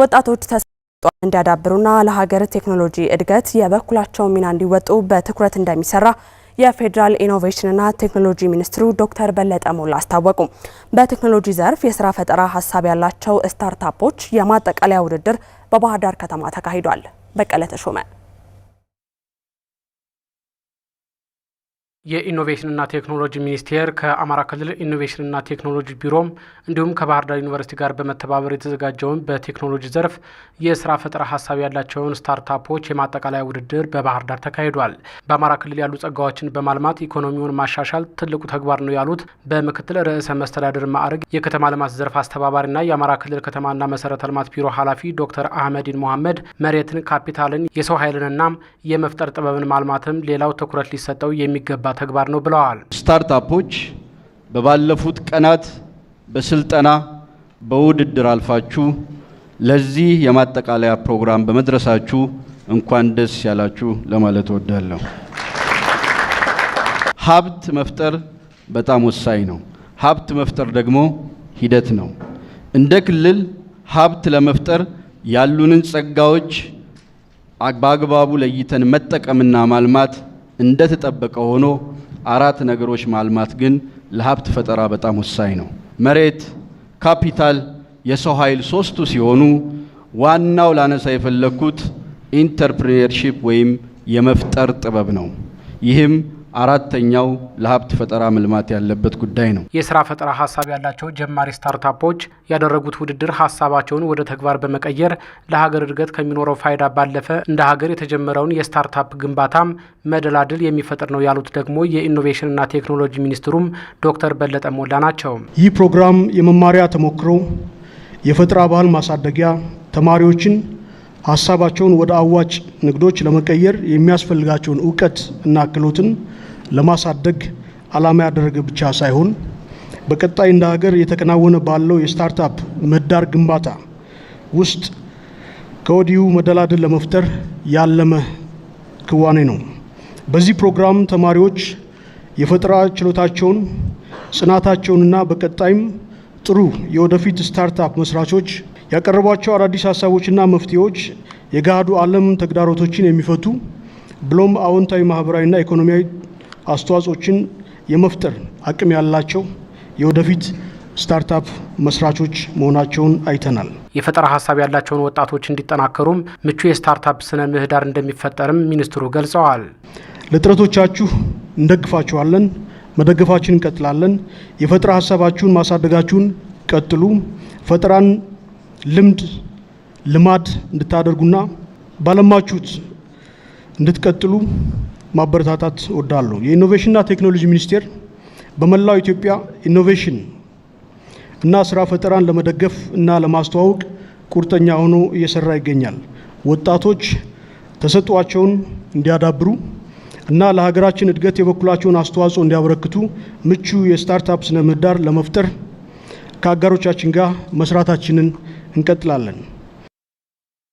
ወጣቶች ተሰጥኦ እንዲያዳብሩና ለሀገር ቴክኖሎጂ እድገት የበኩላቸውን ሚና እንዲወጡ በትኩረት እንደሚሰራ የፌዴራል ኢኖቬሽንና ቴክኖሎጂ ሚኒስትሩ ዶክተር በለጠ ሞላ አስታወቁ። በቴክኖሎጂ ዘርፍ የስራ ፈጠራ ሀሳብ ያላቸው ስታርታፖች የማጠቃለያ ውድድር በባህር ዳር ከተማ ተካሂዷል። በቀለ ተሾመ የኢኖቬሽንና ቴክኖሎጂ ሚኒስቴር ከአማራ ክልል ኢኖቬሽንና ቴክኖሎጂ ቢሮም እንዲሁም ከባህር ዳር ዩኒቨርሲቲ ጋር በመተባበር የተዘጋጀውን በቴክኖሎጂ ዘርፍ የስራ ፈጠራ ሀሳብ ያላቸውን ስታርታፖች የማጠቃለያ ውድድር በባህር ዳር ተካሂዷል። በአማራ ክልል ያሉ ጸጋዎችን በማልማት ኢኮኖሚውን ማሻሻል ትልቁ ተግባር ነው ያሉት በምክትል ርዕሰ መስተዳድር ማዕረግ የከተማ ልማት ዘርፍ አስተባባሪና የአማራ ክልል ከተማና መሰረተ ልማት ቢሮ ኃላፊ ዶክተር አህመዲን ሞሐመድ መሬትን፣ ካፒታልን፣ የሰው ኃይልንና የመፍጠር ጥበብን ማልማትም ሌላው ትኩረት ሊሰጠው የሚገባ ተግባር ነው ብለዋል። ስታርታፖች በባለፉት ቀናት በስልጠና በውድድር አልፋችሁ ለዚህ የማጠቃለያ ፕሮግራም በመድረሳችሁ እንኳን ደስ ያላችሁ ለማለት እወዳለሁ። ሀብት መፍጠር በጣም ወሳኝ ነው። ሀብት መፍጠር ደግሞ ሂደት ነው። እንደ ክልል ሀብት ለመፍጠር ያሉንን ጸጋዎች በአግባቡ ለይተን መጠቀምና ማልማት እንደተጠበቀ ሆኖ አራት ነገሮች ማልማት ግን ለሀብት ፈጠራ በጣም ወሳኝ ነው። መሬት፣ ካፒታል፣ የሰው ኃይል ሶስቱ ሲሆኑ ዋናው ላነሳ የፈለግኩት ኢንተርፕሪነርሺፕ ወይም የመፍጠር ጥበብ ነው። ይህም አራተኛው ለሀብት ፈጠራ መልማት ያለበት ጉዳይ ነው። የስራ ፈጠራ ሀሳብ ያላቸው ጀማሪ ስታርታፖች ያደረጉት ውድድር ሀሳባቸውን ወደ ተግባር በመቀየር ለሀገር እድገት ከሚኖረው ፋይዳ ባለፈ እንደ ሀገር የተጀመረውን የስታርታፕ ግንባታም መደላድል የሚፈጥር ነው ያሉት ደግሞ የኢኖቬሽንና ቴክኖሎጂ ሚኒስትሩም ዶክተር በለጠ ሞላ ናቸው። ይህ ፕሮግራም የመማሪያ ተሞክሮ፣ የፈጠራ ባህል ማሳደጊያ ተማሪዎችን ሀሳባቸውን ወደ አዋጭ ንግዶች ለመቀየር የሚያስፈልጋቸውን እውቀት እና ክህሎትን ለማሳደግ ዓላማ ያደረገ ብቻ ሳይሆን በቀጣይ እንደ ሀገር የተከናወነ ባለው የስታርታፕ ምህዳር ግንባታ ውስጥ ከወዲሁ መደላድል ለመፍጠር ያለመ ክዋኔ ነው። በዚህ ፕሮግራም ተማሪዎች የፈጠራ ችሎታቸውን ጽናታቸውንና በቀጣይም ጥሩ የወደፊት ስታርታፕ መስራቾች ያቀረቧቸው አዳዲስ ሀሳቦችና መፍትሄዎች የገሃዱ ዓለም ተግዳሮቶችን የሚፈቱ ብሎም አዎንታዊ ማህበራዊና ኢኮኖሚያዊ አስተዋጽኦችን የመፍጠር አቅም ያላቸው የወደፊት ስታርታፕ መስራቾች መሆናቸውን አይተናል። የፈጠራ ሀሳብ ያላቸውን ወጣቶች እንዲጠናከሩም ምቹ የስታርታፕ ስነ ምህዳር እንደሚፈጠርም ሚኒስትሩ ገልጸዋል። ለጥረቶቻችሁ እንደግፋችኋለን፣ መደገፋችን እንቀጥላለን። የፈጠራ ሀሳባችሁን ማሳደጋችሁን ቀጥሉ። ፈጠራን ልምድ፣ ልማድ እንድታደርጉና ባለማችሁት እንድትቀጥሉ ማበረታታት ወዳለሁ። የኢኖቬሽንና ቴክኖሎጂ ሚኒስቴር በመላው ኢትዮጵያ ኢኖቬሽን እና ስራ ፈጠራን ለመደገፍ እና ለማስተዋወቅ ቁርጠኛ ሆኖ እየሰራ ይገኛል። ወጣቶች ተሰጧቸውን እንዲያዳብሩ እና ለሀገራችን እድገት የበኩላቸውን አስተዋጽኦ እንዲያበረክቱ ምቹ የስታርታፕ ስነ ምህዳር ለመፍጠር ከአጋሮቻችን ጋር መስራታችንን እንቀጥላለን።